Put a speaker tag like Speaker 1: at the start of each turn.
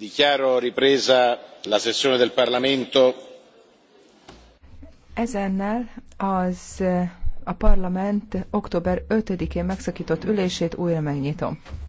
Speaker 1: dichiaro ripresa la sessione del parlamento.
Speaker 2: ezennel az a parlament október five én megszaktott
Speaker 3: ülését újra megnyitom.